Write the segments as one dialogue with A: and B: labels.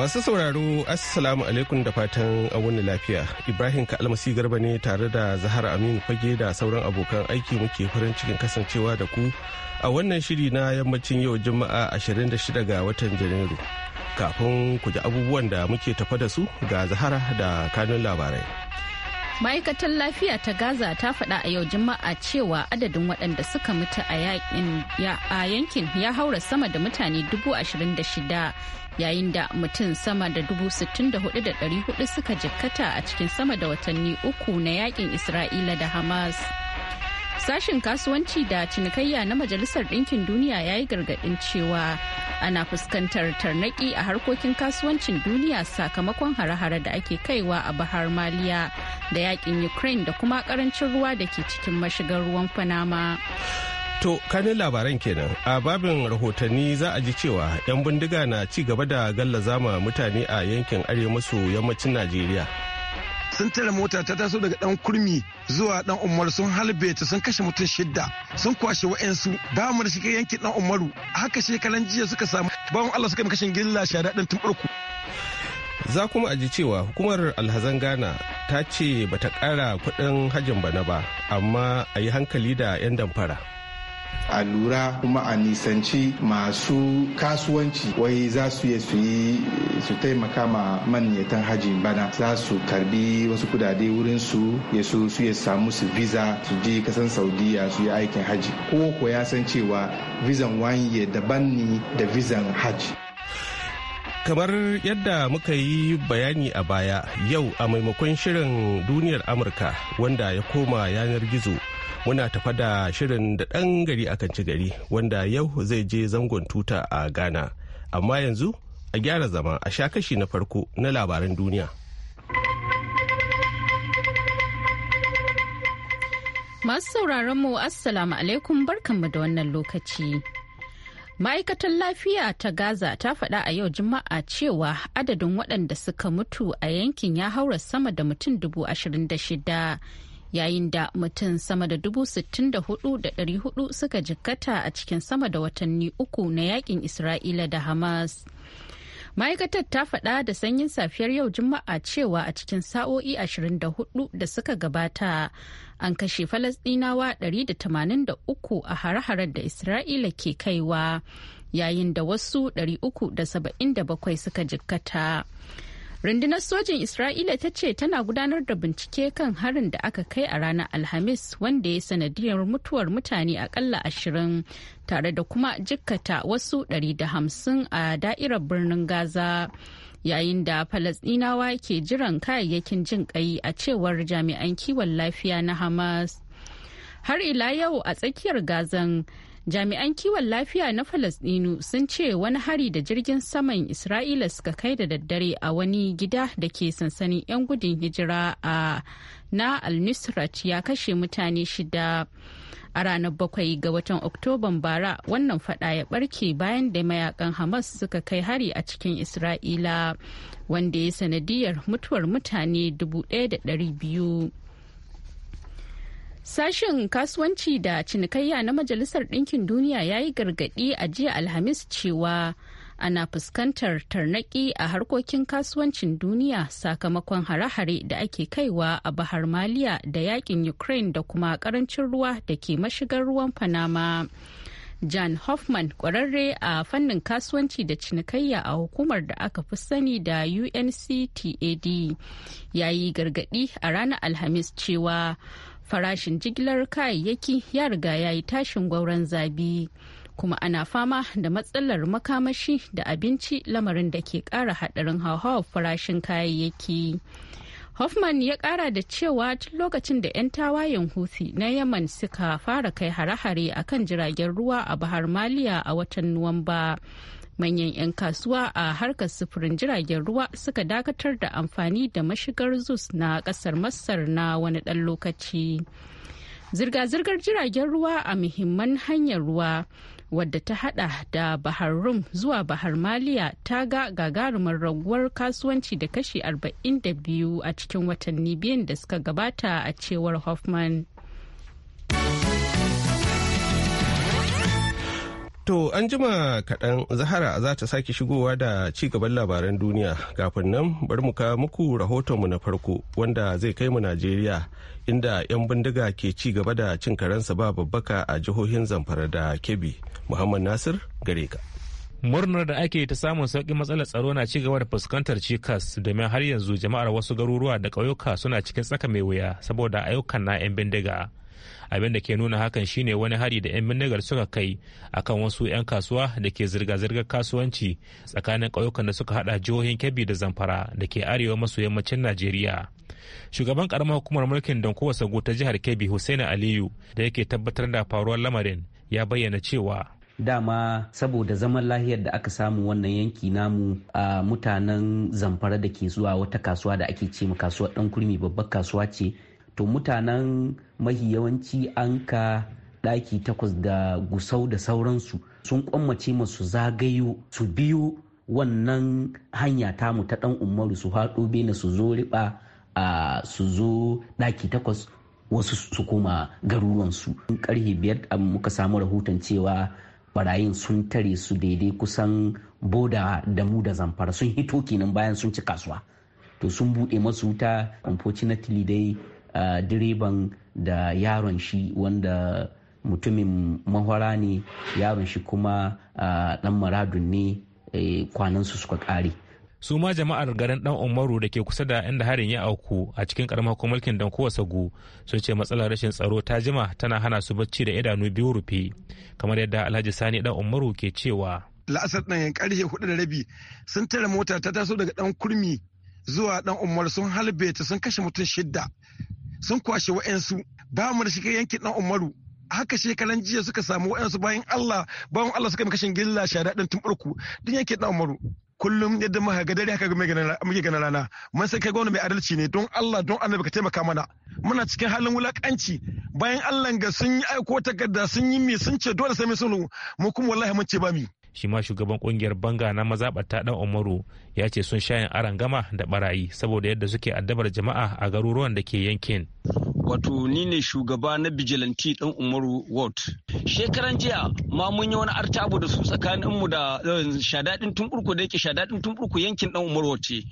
A: Masu sauraro Assalamu alaikum da fatan wani lafiya. Ibrahim ka'almasi Garba ne tare da Zahar Aminu Fage da sauran abokan aiki muke farin cikin kasancewa da ku a wannan shiri na yammacin yau Juma'a 26 ga watan Janairu. Kafin ku ji abubuwan da muke tafa da su ga Zahara da kanun labarai.
B: ma'aikatar lafiya ta gaza ta faɗa a yau juma'a cewa adadin waɗanda suka mutu a yankin ya haura sama da mutane dubu ashirin da shida yayin da mutum sama da dubu sittin da hudu da ɗari hudu suka jikkata a cikin sama da watanni uku na yakin isra'ila da hamas Sashen kasuwanci da cinikayya na Majalisar Ɗinkin Duniya ya yi gargaɗin cewa ana fuskantar tarnaki a harkokin kasuwancin duniya sakamakon hare-hare da ake kaiwa a Bahar Maliya da yakin Ukraine da kuma ƙarancin ruwa da ke cikin mashigar ruwan Panama.
A: To, kanin labaran kenan a babin rahotanni za a ji cewa 'yan bindiga na ci gaba da gallaza mutane a yankin arewa maso yammacin Najeriya.
C: sun tare mota ta taso daga dan kurmi zuwa dan umar sun halbe ta sun kashe mutum shidda sun kwashe wa'ansu ba mu da shiga yankin dan umaru haka shekaran jiya suka samu bawan allah suka kashin gilla shada dan tumburku
A: za kuma aji cewa hukumar alhazan ghana ta ce bata kara kudin hajjin bana ba amma ayi hankali da 'yan damfara
C: a lura kuma a nisanci masu kasuwanci wai za su iya su yi su taimaka ma maniyatan hajji bana za su karbi wasu kudade wurin su ya su su ya samu su visa su je kasan saudiya su yi aikin hajji ko ko ya san cewa visan wanye daban ne da visan hajji
A: kamar yadda muka yi bayani a baya yau a maimakon shirin duniyar amurka wanda ya koma yanar gizo muna tafa da shirin da ɗan gari akan ci gari wanda yau zai je zangon tuta a ghana amma yanzu a gyara zama a sha kashi na farko na labaran duniya
B: masu sauraron mu assalamu alaikum barkanmu da wannan lokaci ma'aikatar lafiya ta gaza ta faɗa a yau juma'a cewa adadin waɗanda suka mutu a yankin ya haura sama da mutum dubu ashirin da shida yayin da mutum sama da dubu sittin hudu suka jikkata a cikin sama da watanni uku na yakin isra'ila da hamas ma'aikatar ta faɗa da sanyin safiyar yau juma'a cewa a cikin sa'o'i 24 da suka gabata an kashe falasɗinawa 183 a hare-haren da isra'ila ke kaiwa yayin da wasu 377 suka jikkata. rundunar sojin isra'ila ta ce tana gudanar da bincike kan harin da aka kai a ranar alhamis wanda ya sanadiyar mutuwar mutane akalla ashirin tare da kuma jikkata wasu 150 a da'irar birnin gaza yayin da falasdinawa ke jiran kayayyakin jin kai a cewar jami'an kiwon lafiya na hamas har ila yau a tsakiyar gazan jami'an kiwon lafiya na falasdinu sun ce wani hari da jirgin saman isra'ila suka kai da daddare a wani gida da ke sansanin 'yan gudun hijira a na al ya kashe mutane shida a ranar bakwai ga watan oktoban bara wannan fada ya barke bayan da mayakan hamas suka kai hari a cikin isra'ila wanda ya sanadiyar mutuwar mutane 1200 Sashen kasuwanci da cinikayya na Majalisar Ɗinkin Duniya ya yi gargaɗi a jiya Alhamis cewa ana fuskantar tarnaƙi a harkokin kasuwancin duniya sakamakon hare-hare da ake kaiwa a Bahar Maliya da yakin Ukraine da kuma ƙarancin ruwa da ke mashigar ruwan Panama. Jan Hoffman kwararre a fannin kasuwanci da cinikayya a hukumar da aka fi sani da UNCTAD ya yi gargadi a ranar Alhamis cewa farashin jigilar kayayyaki ya riga ya yi tashin gwauron zabi kuma ana fama da matsalar makamashi da abinci lamarin da ke kara hadarin hauhawar farashin kayayyaki. Hoffman ya kara da cewa tun lokacin da 'yan tawayen Houthi na Yaman suka fara kai hare-hare a kan jiragen ruwa a Bahar Maliya a watan Nuwamba. manyan 'yan kasuwa a harkar sufurin jiragen ruwa suka dakatar da amfani da mashigar zus na kasar masar na wani ɗan lokaci zirga-zirgar jiragen ruwa a muhimman hanyar ruwa wadda ta hada da bahar rum zuwa bahar maliya ta ga gagarumar raguwar kasuwanci da kashi 42 a cikin watanni biyun da suka gabata a cewar hoffman To an
A: jima kaɗan Zahara za ta sake shigowa da ci gaban labaran duniya kafin nan bari mu kawo muku mu na farko wanda zai kai mu Najeriya inda 'yan bindiga ke ci gaba da cin karensa ba babbaka a jihohin Zamfara da kebi Muhammad Nasir gare ka.
D: murnar da ake ta samun sauƙin matsalar tsaro na ci gaba da fuskantar cikas domin har yanzu jama'ar wasu garuruwa da ƙauyuka suna cikin tsaka mai wuya saboda ayyukan na 'yan bindiga abin da ke nuna hakan shine wani hari da 'yan minigar suka kai akan wasu 'yan kasuwa da ke zirga-zirgar kasuwanci tsakanin ƙauyukan da suka hada jihohin kebbi da zamfara da ke arewa maso yammacin najeriya shugaban karamar hukumar mulkin dankowa sagu ta jihar kebbi hussein aliyu da yake tabbatar da faruwar lamarin ya bayyana cewa dama
E: saboda zaman lahiyar da aka samu wannan yanki namu a mutanen zamfara da ke zuwa wata kasuwa da ake ce ma kasuwar dan kurmi babbar kasuwa ce to mutanen mahi yawanci an ka ɗaki takwas da gusau da sauransu sun kwammace masu zagayo su biyo wannan hanya tamu ta ɗan umaru su haɗo bene su zo riɓa a su zo ɗaki takwas wasu su koma garuruwansu karhe biyar muka samu rahoton cewa barayin sun tare su daidai kusan boda da mu da zamfara sun hito kenan bayan sun ci kasuwa to sun buɗe masu wuta unfortunately dai direban da yaron shi wanda mutumin mahwara ne yaron shi kuma
D: dan maradun ne e, kwanansu suka kare su ma jama'ar garin dan umaru da ke kusa da inda harin ya auku a cikin karamar mulkin dan kowa sagu sun ce matsalar rashin tsaro ta jima tana hana su bacci da idanu biyu rufe kamar yadda alhaji sani dan umaru ke cewa
C: la'asar yan karshe hudu da rabi sun tare mota ta taso daga dan kurmi zuwa dan umaru sun halbe sun kashe mutum shidda sun kwashe wa'yansu ba mu da shiga yankin dan umaru haka shekaran jiya suka samu wa'yansu bayan allah bayan allah suka kashin gilla sha tun tumɓurku duk yankin dan umaru kullum yadda ma haka dare haka muke ganin rana mun sai kai gwamnati mai adalci ne don Allah don annabi ka taimaka mana muna cikin halin wulakanci bayan Allah ga sun yi aiko takarda sun yi mi sun ce dole sai mai sulhu mu kuma wallahi mun ce ba
D: mi shi ma shugaban kungiyar banga na mazaɓata ɗan umaru ya ce sun shayin aran gama da barayi saboda yadda suke addabar jama'a a garuruwan da ke yankin
E: wato ni ne shugaba na bijilanti ɗan umaru ward shekaran jiya ma mun yi wani artabu da su tsakanin mu da eh, shadadin tumburku da yake shadadin tumburku yankin ɗan umaru ce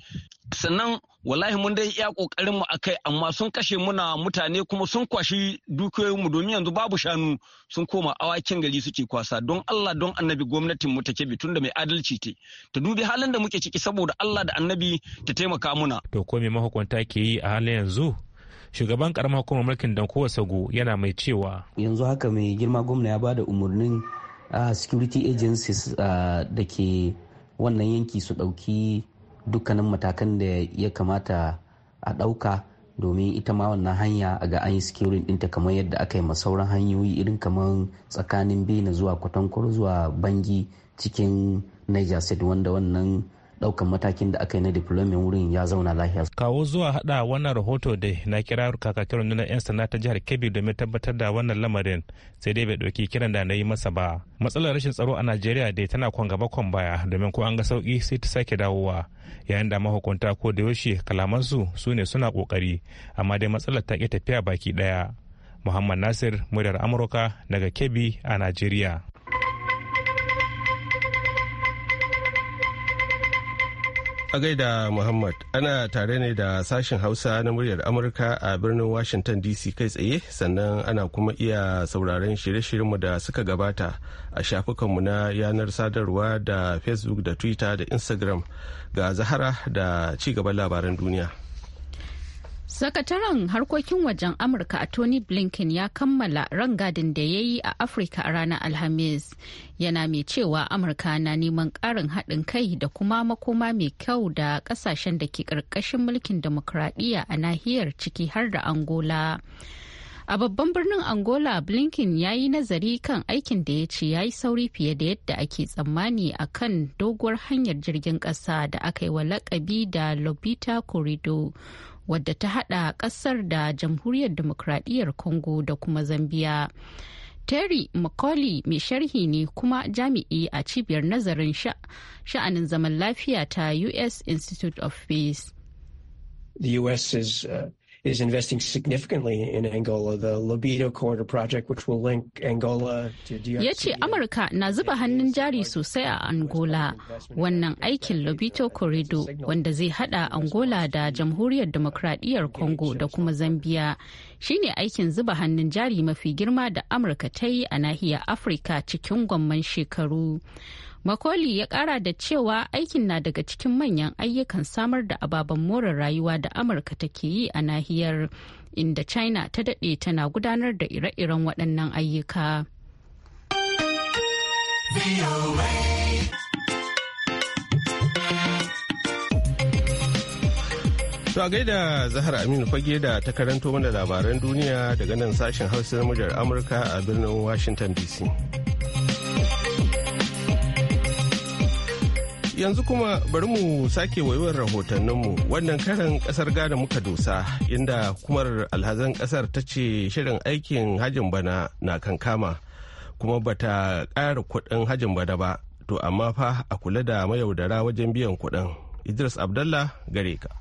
E: sannan wallahi mun dai iya kokarin mu akai amma sun kashe muna mutane kuma sun kwashi dukiyoyin mu domin yanzu babu shanu sun koma awakin gari suke kwasa don Allah don Annabi gwamnatin mu take bi tunda mai adalci te ta dubi halin da muke ciki saboda Allah da Annabi ta taimaka
D: muna to ko me mahukunta ke yi a halin yanzu shugaban karamar hukumar mulkin dankowa sago yana mai cewa
E: yanzu haka mai girma gwamna ya ba da umarnin a security agencies da ke wannan yanki su ɗauki dukkanin matakan da ya kamata a ɗauka domin ita ma wannan hanya a ga an yi securing ɗinta kamar yadda aka yi masauran hanyoyi irin kamar tsakanin bene zuwa kwatankwar zuwa bangi cikin niger state wanda wannan daukan matakin da aka yi na diplomin wurin ya
D: zauna lafiya. kawo zuwa hada wannan rahoto da na kira kakakin rundunar 'yan sana ta jihar kebbi domin tabbatar da wannan lamarin sai dai bai dauki kiran da na yi masa ba matsalar rashin tsaro a najeriya dai tana kwan gaba kwan baya domin ko an ga sauki sai ta sake dawowa yayin da mahukunta ko da yaushe kalamansu su ne suna kokari amma dai matsalar ta ki tafiya baki daya muhammad nasir muryar amurka daga kebbi a najeriya A gaida Muhammad
A: ana tare ne da sashen Hausa na muryar Amurka a birnin Washington DC kai tsaye sannan ana kuma iya sauraron shirye-shiryenmu da suka gabata a shafukanmu na yanar sadarwa da Facebook da Twitter da Instagram ga Zahara da ci gaban labaran duniya.
B: Sakataren harkokin wajen Amurka a Tony Blinken ya kammala rangadin da ya yi a Afirka a ranar Alhamis. Yana mai cewa Amurka na neman ƙarin haɗin kai da kuma makoma mai kyau da ƙasashen da ke ƙarƙashin mulkin demokuraɗiyya a nahiyar ciki har da Angola. A babban birnin Angola, Blinken ya yi nazari kan aikin da ya ce ya yi sauri fiye da yadda ake tsammani a kan doguwar hanyar jirgin ƙasa da aka yi wa lakabi da Lobita Corridor, wadda ta hada kasar da jamhuriyar demokradiyyar congo da kuma zambia terry mccauley mai sharhi ne kuma jami'i a cibiyar nazarin sha'anin zaman lafiya ta u.s institute of peace
F: the is investing significantly in Angola, the Libido Corridor project, which will link Angola to DRC. Ya
B: ce Amurka na zuba hannun jari sosai a Angola, wannan aikin Libido Corridor wanda zai hada Angola da Jamhuriyar Demokradiyyar Congo da kuma Zambia. shine aikin zuba hannun jari mafi girma da Amurka ta yi a nahiyar Afirka cikin gwamman shekaru. Makoli ya kara da cewa aikin na daga cikin manyan ayyukan samar da ababen more rayuwa da Amurka take yi a nahiyar inda China ta daɗe tana gudanar da ire-iren waɗannan ayyuka.
A: To a gaida Zahar Aminu fage da ta karanto mana labaran duniya daga nan sashen hausa na Amurka a birnin Washington DC. yanzu kuma bari mu sake waiwar rahotanninmu wannan karin kasar gada muka dosa inda kumar alhazan kasar ta ce shirin aikin hajin bana na kankama kuma bata ƙara kuɗin hajin bana ba to amma fa a kula da mayaudara wajen biyan kuɗin idris abdallah gare ka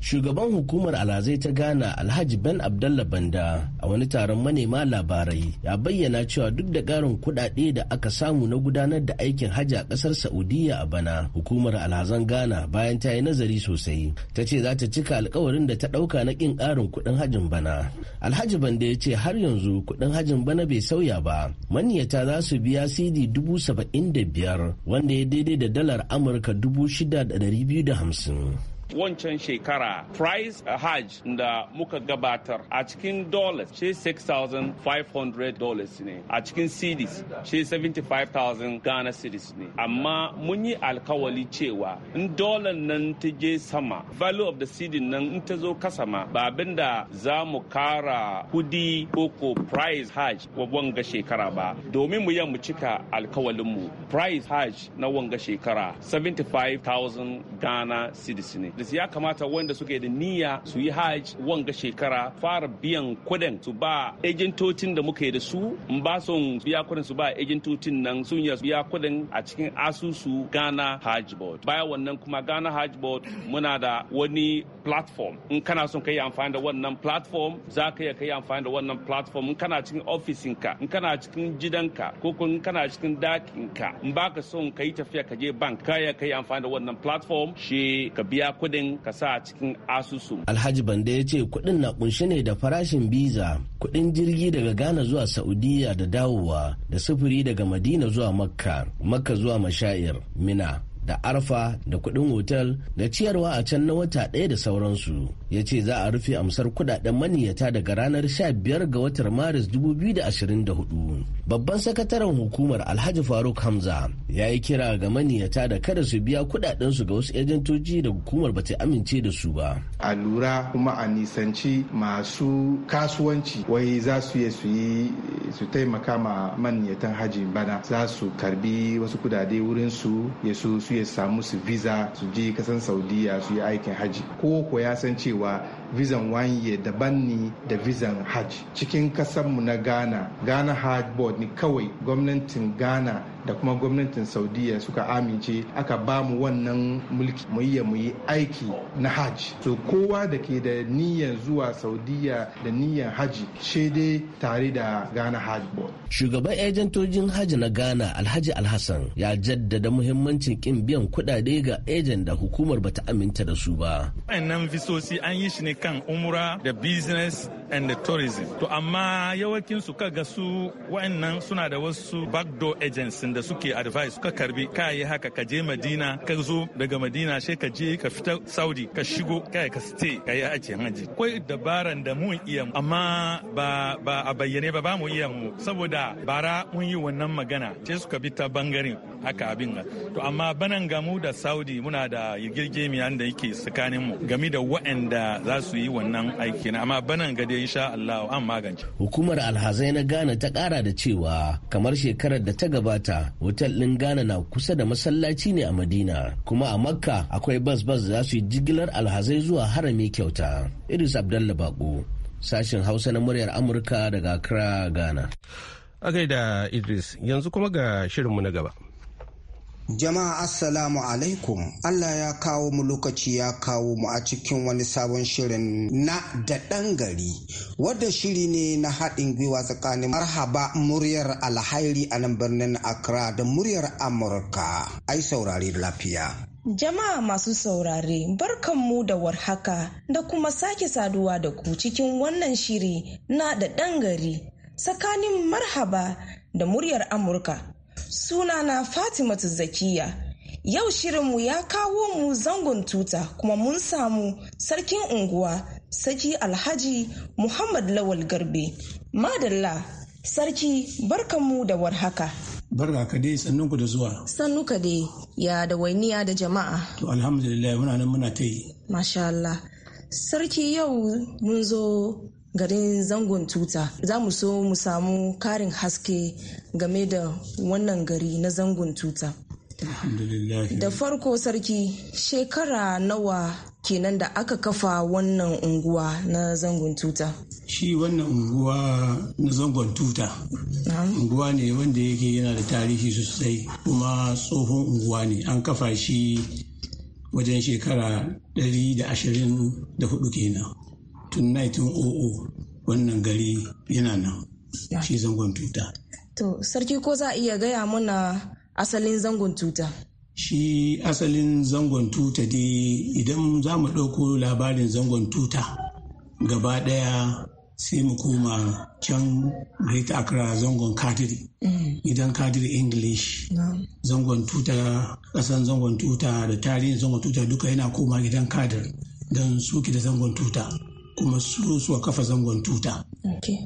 G: shugaban hukumar alhazai ta ghana alhaji ben abdallah banda a wani taron manema labarai ya bayyana cewa duk da ƙarin kuɗaɗe da aka samu na gudanar da aikin hajji a ƙasar saudiya a bana hukumar alhazan ghana bayan ta yi nazari sosai ta ce za ta cika alkawarin da ta ɗauka na ƙin ƙarin kuɗin hajjin bana alhaji banda ya ce har yanzu kuɗin hajjin bana bai sauya ba maniyata za su biya cd dubu saba'in da biyar wanda ya daidai da dalar amurka dubu shida da ɗari biyu da hamsin
H: wancan shekara price hajj da muka gabatar a cikin dollars shi 6,500 dollars ne a cikin cities shi 75,000 ghana cities ne amma mun yi alkawali cewa in dollar nan ta je sama value of the city nan in ta zo kasa ma ba abin da za mu kara kudi ko price hajj wa wanga shekara ba domin mu mu cika alkawalinmu price hajj na wanga shekara 75,000 ghana cities ne da ya kamata wanda suke da niyya su yi hajj wanga shekara fara biyan kudin su ba ejintocin da muke da su in ba son biya kudin su ba ejintocin nan sun ya biya kudin a cikin asusu Ghana Hajj Board baya wannan kuma Ghana Hajj Board muna da wani platform in kana son ka yi amfani da wannan platform za ka iya ka yi amfani da wannan platform in kana cikin ka in kana cikin gidanka ko kun kana cikin dakin ka in ka son ka yi tafiya ka je bank ka iya ka yi amfani da wannan platform shi ka biya kudin kudin ka sa a cikin asusu.
G: Alhaji Bande ya ce kuɗin na kunshe ne da farashin biza, kuɗin jirgi daga Ghana zuwa Saudiya da dawowa, da sufuri daga Madina zuwa Makka, Makka zuwa Mashair, Mina, da arfa da kuɗin otal da ciyarwa a can na wata ɗaya da sauransu ya ce za a rufe amsar kuɗaɗen maniyata daga ranar 15 ga watan maris 2024 babban sakataren hukumar alhaji faruk hamza ya yi kira ga maniyata da kada su biya su ga wasu ejentoci da hukumar ba ta amince da su ba
C: a lura kuma a nisanci masu kasuwanci wai za su iya su yi su taimaka ma maniyatan hajji bana za su karbi wasu kudade wurin su ya su ya samu su visa su je kasan saudiya su yi aikin hajji ko ko ya san cewa vizan wanye daban ne da vizan hajj cikin kasanmu na ghana ghana hajj board ne kawai gwamnatin ghana da kuma gwamnatin saudiya suka amince aka ba mu wannan mulki mu yi mu yi aiki na hajj so kowa da ke da niyyar zuwa saudiya da niyyar hajji shi dai
G: tare da ghana hajj board shugaban ejentojin hajji na ghana alhaji alhassan ya jaddada muhimmancin kin biyan kuɗaɗe ga ejen da hukumar bata aminta da su ba
H: wannan visosi an yi shi ne kan umra da business and tourism to amma yawakin su kaga su wa'annan suna da wasu backdoor agents da suke advice ka karbi ka yi haka ka je madina ka zo daga madina sai ka je ka fita saudi ka shigo kai ka stay ka yi ake haji akwai dabaran da mun iya amma ba ba a bayyane ba ba mu iya mu saboda bara mun yi wannan magana sai suka bi ta bangaren haka abin to amma banan gamu da saudi muna da yigirgemiya da yake tsakanin mu game da wa'anda za su yi wannan aikin amma banan gade insha Allah an magance.
G: Hukumar alhazai na Ghana ta kara da cewa kamar shekarar da ta gabata otal ɗin Ghana na kusa da masallaci ne a Madina kuma a Makka akwai bas bas za su yi jigilar alhazai zuwa harami kyauta. Idris Abdallah Bako sashen Hausa na muryar Amurka daga Accra Ghana.
A: A gaida Idris yanzu kuma ga shirinmu na gaba.
C: Jama'a Assalamu alaikum Allah ya kawo mu lokaci ya kawo mu a cikin wani sabon shirin na da ɗan gari wadda shiri ne na haɗin gwiwa tsakanin marhaba muryar alhairi a nan birnin Accra da muryar Amurka ai saurari lafiya.
I: Jama'a masu saurare mu da warhaka da kuma sake saduwa da ku cikin wannan shiri na da ɗan gari tsakanin marhaba da muryar Amurka Sunana Fatimatu Zakiya. Yau shirinmu ya kawo mu zangon tuta kuma mun samu sarkin unguwa Saki Alhaji Muhammad Lawal Garbe. Madalla, sarki barkanmu da warhaka.
F: Barka ka dai sannunku da zuwa.
I: Sannu dai ya da wainiya da jama'a.
F: To alhamdulillah muna nan muna ta yi.
I: Masha Allah. Sarki yau mun zo garin zangon tuta za mu so mu samu karin haske game da wannan gari na zangon tuta da farko sarki shekara nawa kenan da aka kafa wannan unguwa na zangon tuta
F: shi wannan unguwa na zangon tuta unguwa ne wanda yake yana da tarihi sosai kuma tsohon unguwa ne an kafa shi wajen shekara 124 kenan tun 1900 wannan gari yana nan shi zangon tuta.
I: To sarki ko za a iya gaya mana asalin zangon tuta?
F: Shi asalin zangon tuta dai idan za mu ɗauko labarin zangon tuta gaba ɗaya sai mu koma can Great Accra zangon kadiri. Mm. Idan kadiri English zangon tuta ƙasan zangon tuta da tarihin zangon tuta duka yana koma gidan kadir don suke da zangon tuta. kuma su su kafa zangon tuta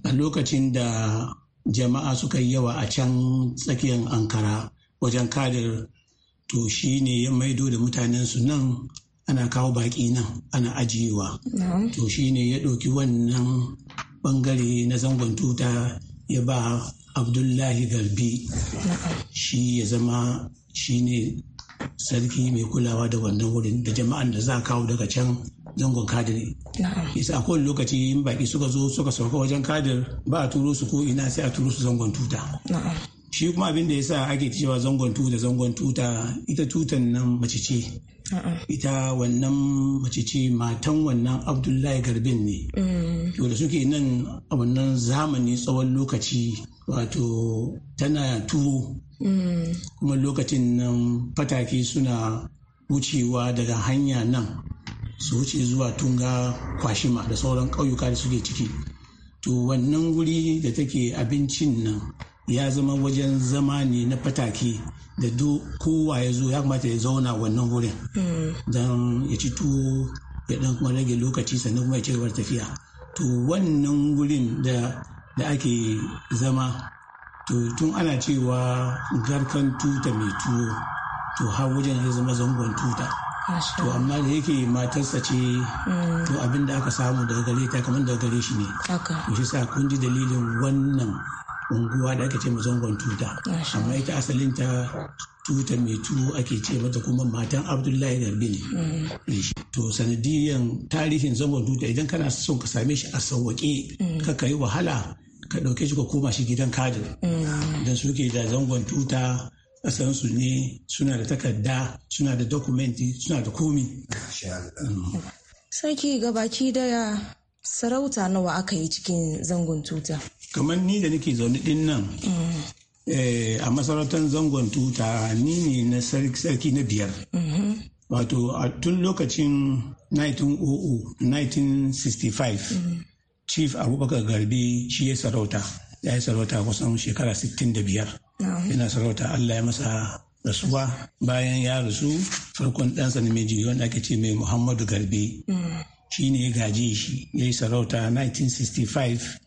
F: a lokacin da jama'a suka yi yawa a can tsakiyar ankara wajen kadir to shi ne ya maido da mutanen su nan ana kawo baƙi nan ana ajiyewa to shi ne ya ɗauki wannan bangare na zangon tuta ya ba abdullahi garbi shi ya zama shi ne sarki mai kulawa da wannan wurin da jama'an da za kawo daga can zangon kadir isa a kowane lokaci in baki suka zo suka sauka wajen kadir ba a turo su ko ina sai a turo su zangon tuta shi kuma abin da ya sa ake cewa zangon tuta zangon tuta ita tutan nan mace ce ita wannan mace ce matan wannan abdullahi garbin ne
I: mm. to
F: da suke nan a wannan zamani tsawon lokaci wato tana tuwo mm. kuma lokacin nan fatake suna wucewa daga hanya nan su wuce zuwa tunga kwashima da sauran ƙauyuka da suke ciki to wannan wuri da take abincin nan ya zama wajen zama ne na fataki da kowa ya zo ya kamata ya zauna wannan wurin hmm. don ya ci tuwo ya dan kuma rage lokaci sannan kuma ya ce tafiya to wannan wurin da da ake zama to tun ana cewa garkan tuta mai tuwo to har wajen ya zama zangon tuta to amma da yake matarsa ce mm. to abin da aka samu daga gare ta kamar daga gare shi ne to shi sa kun ji dalilin wannan unguwa da ake ce zangon tuta amma ita asalin ta tuta mai tuwo ake ce mata kuma matan abdullahi garbi ne mm. to sanadiyan tarihin zangon tuta idan kana son ka same shi a sauwaƙe mm. ka kai wahala ka ɗauke shi ka koma shi gidan kadin idan suke da zangon tuta kasansu ne suna da takarda suna da dokumenti suna da komi mm.
I: sarki gabaki daya sarauta nawa aka yi cikin zangon tuta
F: kamar ni da nake zaune din nan mm. eh, a masarautar zangon tuta ni ne na sarki na biyar mm-hmm. wato a tun lokacin 1965 mm-hmm. chief abubakar garbi shi ya sarauta ya yi sarauta kusan shekara 65 Ina sarauta Allah ya masa rasuwa bayan ya rasu farkon ɗansa namiji wanda ake ce mai Muhammadu Garbi. Hmm. Shi ne ya gaje shi ya yi sarauta 1965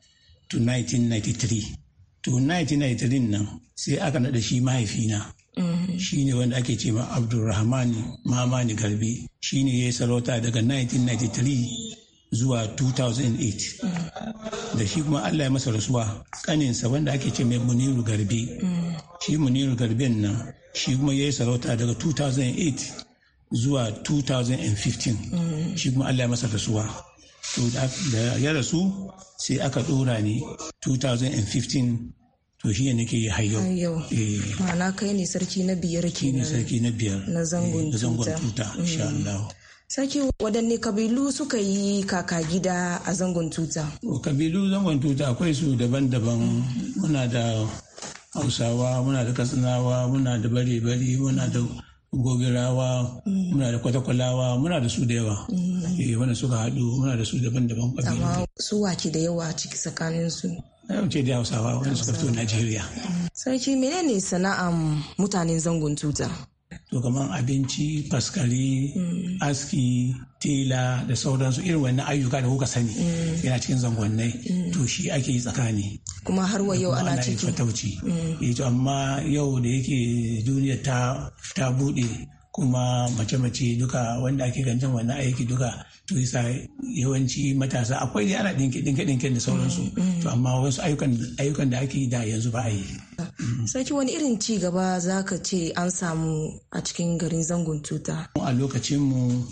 F: to 1993. To 1993 nan sai aka naɗa shi mahaifina. Hmm. Shi ne wanda ake ce ma Abdulrahman Mamani Garbi. Shi ne ya yi sarauta daga 1993 zuwa 2008
I: hmm.
F: da shi kuma allah ya masa rasuwa kaninsa wanda ake ce mai muniru garbe shi muniru garbin nan shi kuma ya yi sarauta daga 2008 zuwa 2015 shi kuma allah ya masa rasuwa to da ya rasu sai aka dora ni 2015 to shi ne ke hayo eh.
I: ma'ana kai ne sarki na biyar ke ne sarki
F: na biyar na zangon eh, tuta mm. Allah
I: Sarki waɗanne kabilu suka yi kaka gida a zangon tuta?
F: Kabilu zangon tuta akwai su daban-daban muna da hausawa muna da katsinawa muna da bare-bare muna da gogirawa muna da kwatakwalawa muna da su da yawa mm. eh, wanda suka haɗu muna da su daban-daban amma
I: su wake da yawa ciki tsakanin su
F: yau ce da hausawa wanda suka fito najeriya
I: sarki menene sana'an mutanen zangon tuta
F: to kamar abinci faskari mm. aski tela da sauransu irin wannan ayyuka da kuka sani mm. yana cikin zangonnai to shi ake yi tsakani
I: kuma har wa yau ana ciki
F: fatauci mm. eh to amma yau da yake duniya ta ta bude kuma mace-mace duka wanda ake ganin wani aiki duka to isa yawanci matasa akwai ne ana dinke dinke dinke da sauransu mm, mm. to amma wasu ayyukan da ake da yanzu ba a yi
I: sarki wani irin ci gaba za ka ce an samu a cikin garin zangon tuta
F: a lokacin mu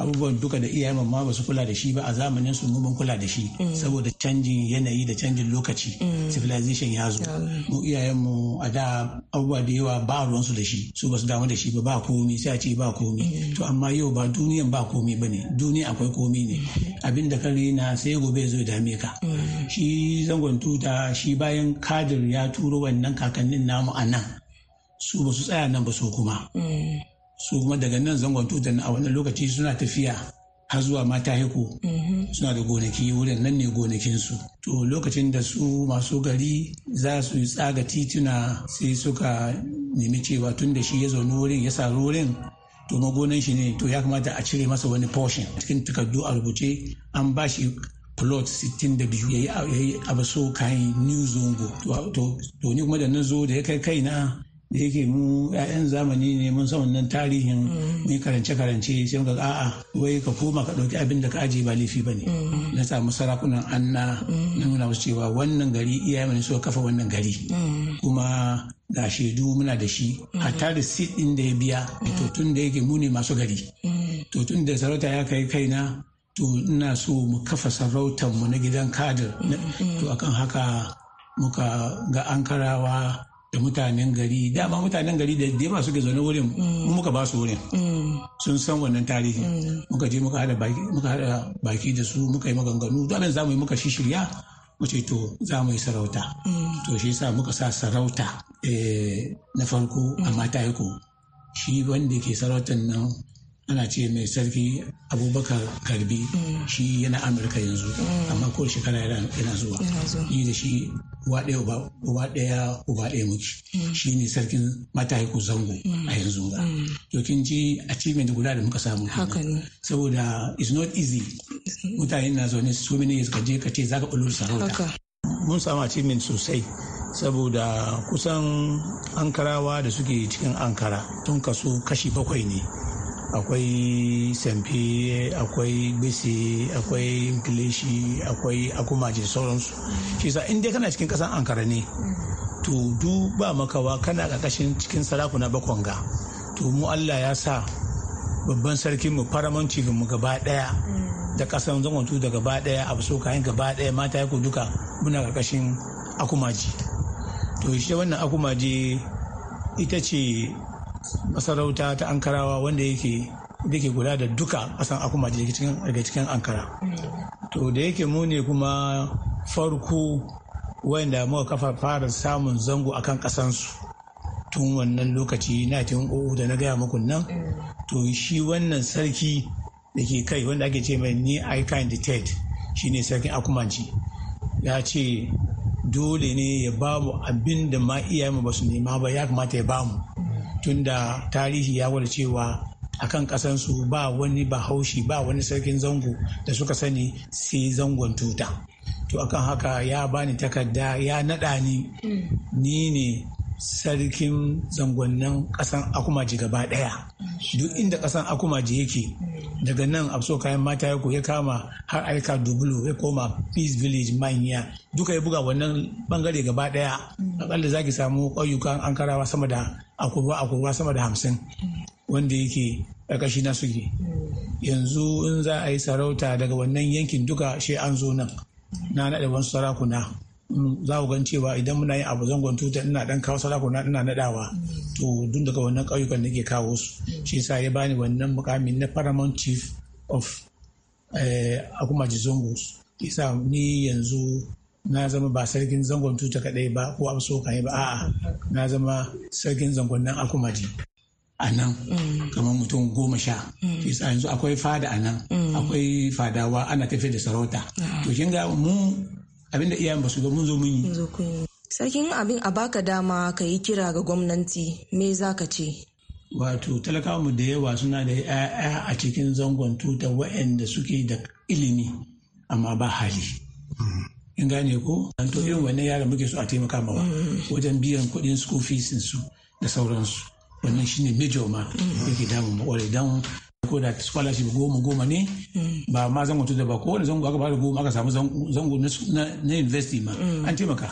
F: abubuwan duka da iyayen ma ba su kula da shi ba a zamanin su mun kula da shi mm. saboda canjin yanayi da canjin lokaci mm. civilization ya zo mu iyayen mu a da abubuwa da yawa ba ruwan su da shi su ba su damu da shi ba ba komi sai a ce ba komi mm. to amma yau ba duniyan ba komi bane duniya akwai komi ne abin da kare na sai gobe zo dame ka shi zangon tuta shi bayan kadir ya turo wannan kakannin namu a nan su ba su tsaya nan ba su kuma su kuma daga nan zangon tutan a wannan lokaci suna tafiya har zuwa mata haiku mhm. suna da gonaki wurin nan ne gonakinsu to lokacin da su masu gari za su tsaga tituna sai suka nemi cewa tun da shi ya zaune wurin ya saru wurin to magonan shi ne to ya kamata a cire masa wani portion cikin takardu a rubuce an ba shi plot 62 yayi abaso kayan new zongo to ni kuma da na zo da ya kai kai na. da yake mu 'ya'yan zamani ne mun san wannan tarihin mai mm. karance-karance sai muka a'a wai ka koma ka ɗauki abin da ka ajiye ba laifi ba ne mm. na samu sarakunan anna mm. na nuna musu cewa wannan gari iyayen mani so kafa wannan gari kuma ga shaidu muna da shi A tare sit ɗin da ya biya to tun da yake mu ne masu gari to da sarauta ya kai kaina to ina so mu kafa sarautar mu na gidan kadir to akan haka muka ga ankarawa da mutanen gari dama mutanen gari da masu suke na wurin muka ba su wurin sun san wannan tarihi muka je muka hada baki muka hada baki da su muka yi maganganu dole za mu yi muka shishirya mu ce to za mu yi sarauta to shi yasa muka sa sarauta eh, na farko a mata shi wanda ke sarautar nan ana ce mai sarki abubakar karbi mm. shi yana amurka yanzu mm. amma ko shekara yana zuwa yi da shi uwa ɗaya uba ɗaya uba muke mm. shi ne sarkin mataiku zango a yanzu ba to kin ji achievement guda da muka samu saboda it's not easy mutane na zaune so many ka je ka ce zaka ɓullo sarauta mun samu achievement sosai saboda kusan ankarawa da suke cikin ankara tun kaso kashi bakwai ne akwai samfe akwai gbese akwai gileshi akwai akumaje sauransu shi sa in dai kana cikin kasan ankara ne to du ba makawa kana kakashin cikin sarakuna na ga to mu allah ya sa babban sarkin mu faramanci mu gaba daya da kasan zangontu da gaba daya abu so kayan gaba daya mata ya duka muna kakashin akumaji to shi wannan akumaji ita ce masarauta ta ankarawa wanda yake da ke guda da duka kasan akuma daga cikin ankara to da yake mu kuma farko wanda muka kafa fara samun zango akan kasansu tun wannan lokaci na uku oh oh da na gaya muku nan to shi wannan sarki da ke kai wanda ake ce mai ni i kind ted shi ne sarkin akumanci ya ce dole ne ya bamu abin da ma iyayenmu ba su nema ba ya kamata ya bamu tunda tarihi ya wada cewa a kan ƙasansu ba wani bahaushe ba wani sarkin zango da suka sani sai zangon tuta to akan haka ya bani takarda ya naɗa ni mm. ni ne sarkin zangonnan ƙasan akumaji gaba ɗaya duk inda ƙasan akumaji yake daga nan so kayan mata ya ya kama har aika dubulu ya koma peace village manya duka ya buga wannan bangare gaba ɗaya akalla za ki samu ƙauyukan an karawa sama da akurwa akurwa sama da hamsin wanda yake ƙarƙashi na suke yanzu in za a yi sarauta daga wannan yankin duka shi an zo nan na naɗa wasu sarakuna za ku gan cewa idan muna yin abu zangon tuta ina dan kawo sadako na ina nadawa to dun daga wannan kauyukan nake kawo su shi yasa ya bani wannan mukamin na paramount chief of zango zongos isa ni yanzu na zama ba sarkin zangon tuta kadai ba ko amso kan ba a'a na zama sarkin zangon nan akumaji a nan mm. kamar mutum goma sha mm. isa yanzu akwai fada a nan mm. akwai fadawa ana tafi da sarauta ah. to mu abinda iyayen ba su ga mun zo mun yi
I: sarkin abin a baka dama ka yi kira ga gwamnati me za ka ce
F: wato talakawanmu da yawa suna da ya'ya a cikin zangon tuta waɗanda suke da ilimi amma ba hali in gane ko an to irin wannan yara muke so a taimaka mawa wajen biyan kuɗin school fees su da sauransu wannan shine major ma yake damu ma kwarai dan ko da scholarship goma goma ne mm. ba ma zango to da ba kowane zango aka bada goma aka samu zango na university ma mm. an taimaka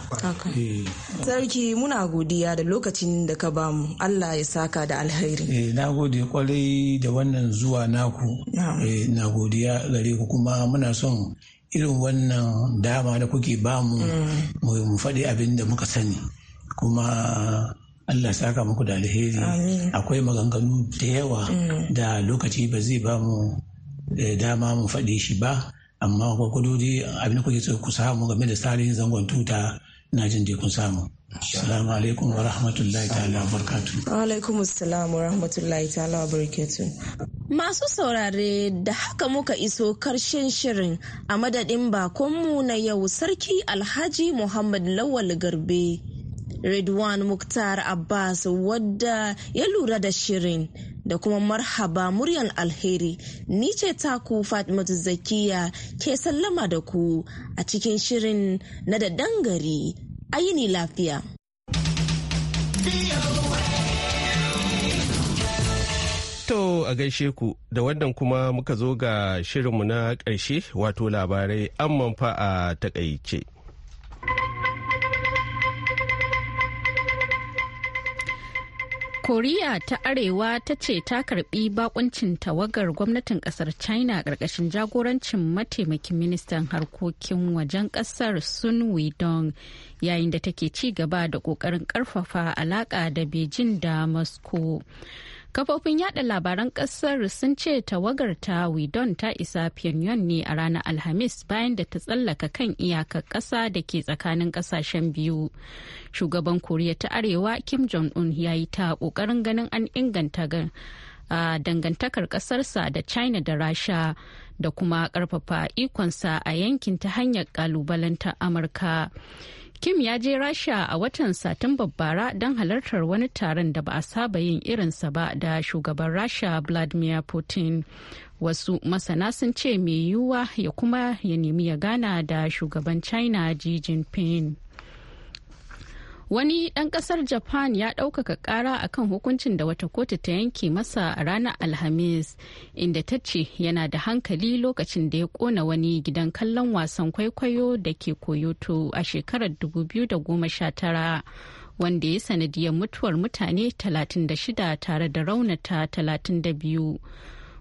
F: eh.
I: sarki muna godiya da lokacin da ka bamu Allah ya saka da alheri
F: eh, na gode kwarai da wannan zuwa naku eh, na godiya gare ku kuma muna son irin wannan dama da kuke bamu
I: mm.
F: mu faɗi abin da muka sani kuma Allah saka muku da alheri akwai maganganu da yawa mm. da lokaci ba zai ba mu eh, dama mu faɗe shi ba amma dai abin kuke so ku samu game da tsarin zangon tuta na jin dai kun samu. Assalamu alaikum wa rahmatullahi ta'ala wa barakatu.
I: Wa alaikum assalamu wa rahmatullahi ta'ala wa Masu saurare da haka muka iso karshen shirin a madadin bakonmu na yau sarki Alhaji Muhammad Lawal Garbe Redwan mukhtar Abbas wadda ya lura da shirin da kuma marhaba muryan alheri ni ce taku Fatimatu Zakiya ke sallama da ku a cikin shirin na da dangare ayini lafiya.
A: To a gaishe ku da wannan kuma muka zo ga shirinmu na ƙarshe wato labarai amman fa a takaice.
B: koriya ta arewa ta ce ta karbi bakuncin tawagar gwamnatin kasar china karkashin jagorancin mataimakin ministan harkokin wajen kasar sun wedong yayin da take ci gaba da kokarin karfafa alaka da beijing da moscow Kafofin yada labaran kasar sun ce tawagar ta Widon ta isa Pyongyang ne a ranar Alhamis bayan da ta tsallaka kan iyakar ƙasa da ke tsakanin ƙasashen biyu. Shugaban Koriya ta Arewa Kim Jong-un ya yi ta ƙoƙarin ganin an inganta dangantakar ƙasarsa da china da rasha da kuma ƙarfafa ikonsa a yankin ta hanyar ta amurka Kim ya je Rasha a watan Satumbar bara don halartar wani taron da ba a saba yin irinsa ba da shugaban Rasha Vladimir Putin. Wasu masana sun ce mai yiwuwa ya kuma ya nemi ya gana da shugaban China Xi Jinping. wani ɗan ƙasar japan ya ɗaukaka ƙara akan hukuncin da wata kotu ta yanke masa a ranar alhamis inda ta ce yana da hankali lokacin da ya kona wani gidan kallon wasan kwaikwayo da ke koyoto a shekarar 2019 wanda ya sanadiyar mutuwar mutane 36 tare da raunata 32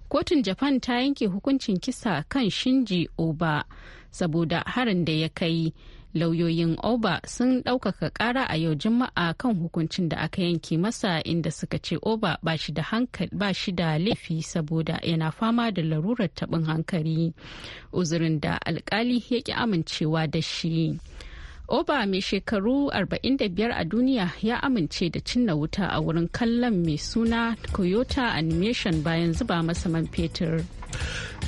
B: kotun japan ta yanke hukuncin kisa kan shinji oba saboda harin da ya kai lauyoyin oba sun ɗaukaka ƙara a yau juma'a kan hukuncin da aka yanke masa inda suka ce oba ba shi da laifi saboda yana fama da larurar taɓin hankali uzurin da alkali ya ƙi amincewa da shi oba mai shekaru 45 a duniya ya amince da cinna wuta a wurin kallon mai suna toyota animation bayan zuba masa man fetur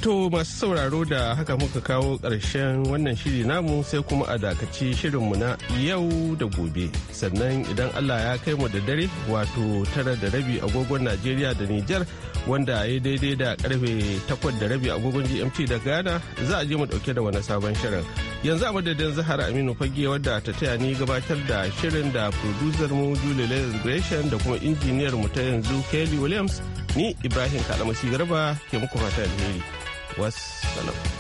A: To masu sauraro da haka muka kawo ƙarshen wannan shiri namu sai kuma a dakaci shirinmu na yau da gobe. Sannan idan Allah ya kai mu da dare wato tara da rabi agogon Najeriya da Nijar wanda ya daidai da karfe takwas da rabi agogon GMT da Ghana za a je mu dauke da wani sabon shirin. Yanzu a madadin Zahara Aminu Fage wadda ta taya ni gabatar da shirin da producer mu Julie Gresham da kuma injiniyar mu ta yanzu Kelly Williams ni Ibrahim Kalamasi Garba ke muku fata What's up?